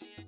body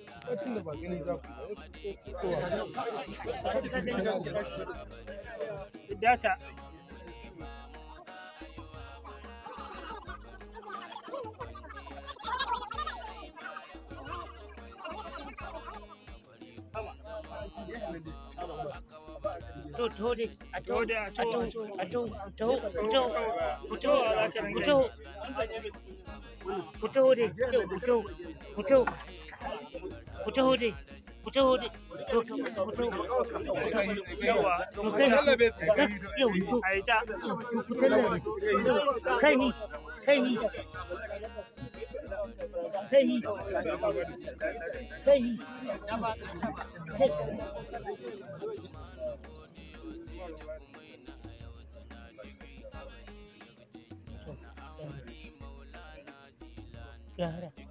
tun da ba gani za ku data a to a fito fito fito fito fito ku taho dai ku taho dai to ku taho yawa to kai Yeah.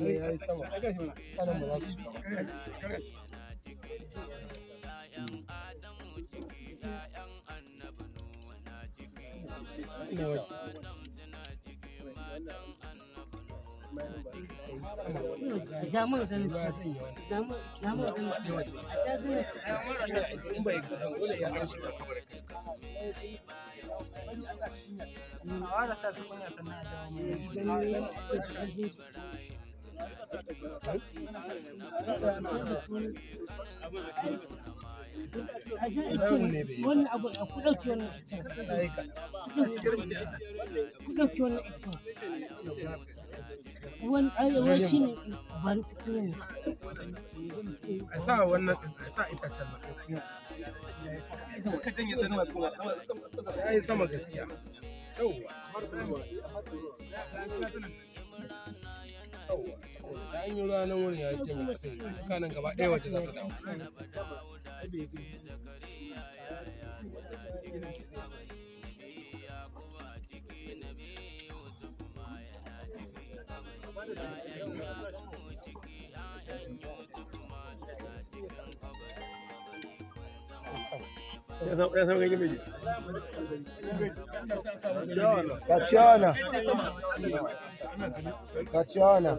tsalle ya yi sama kanan ba za su ina waje a ca zan ci a wannan abu ku ɗauki wannan iccen ku ɗauki wannan iccen wani shi ne ba ni kuɗi ne a sa wannan a sa itacen kuma ya yi sama gaskiya yauwa yauwa da an yi ruwa nan ya ce mai kasai kanan gaba ɗaya waje za su dawo Ya Tatiana. Tatiana.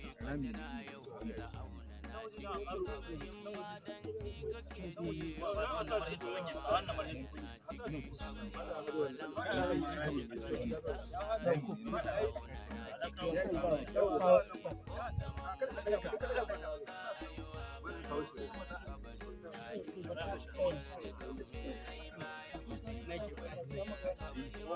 amin Thank you.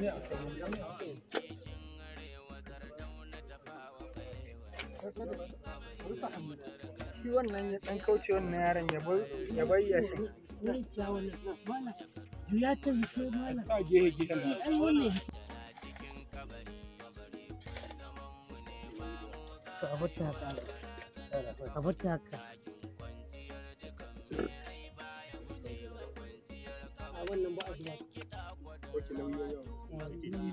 shi wannan ya kauce wannan yaron ya bayya shi ya ta wuce mala ta gehe gehe ai ka abuta ka ka porque ele é um ioiô.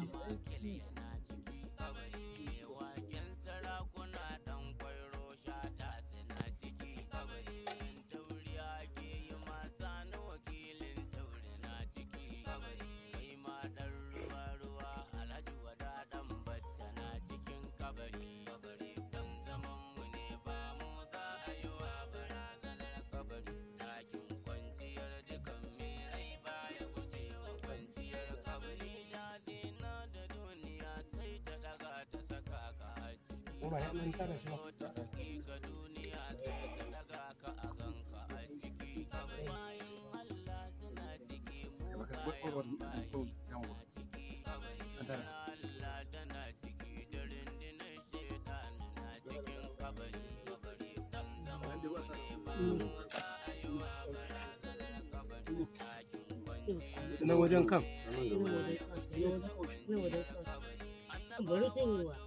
Kuma ya daɗi ta da shi kan? na wajen ciki na wajen kan? na wajen kan? na wajen kan? na wajen kan? na wajen kan? kabari wajen kan? na wajen kan na wajen kan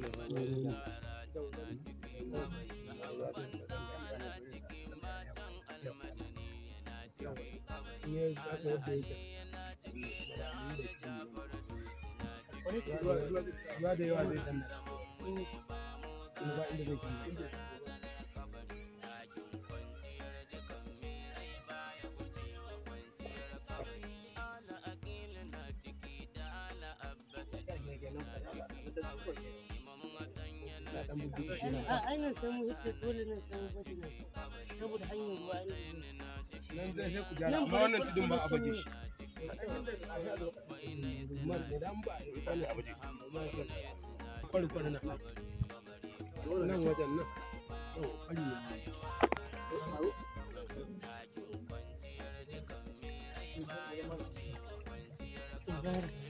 majalisa tana cikin sahabban na matan almadani yana cikin da yawa zai a ainihin sai mu hito dole nan sai baje nan saboda hanyar ruwa ne nan zai sai ku jara amma wannan tudun ba a baje shi kwarkwar na nan Thank you.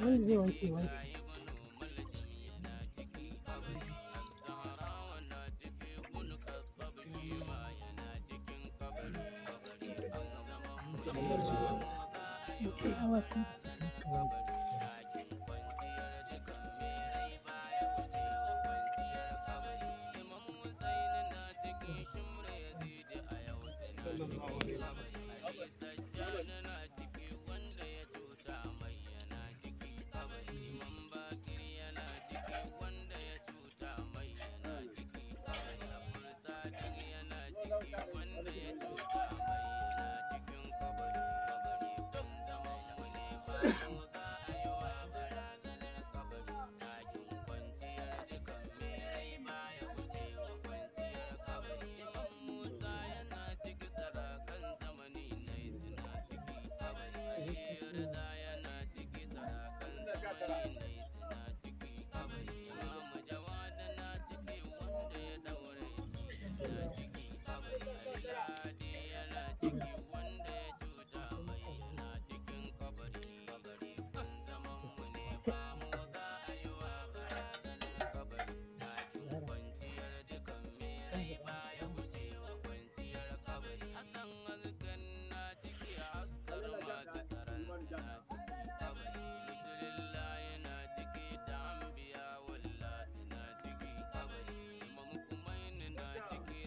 我因为喜欢。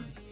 Amen.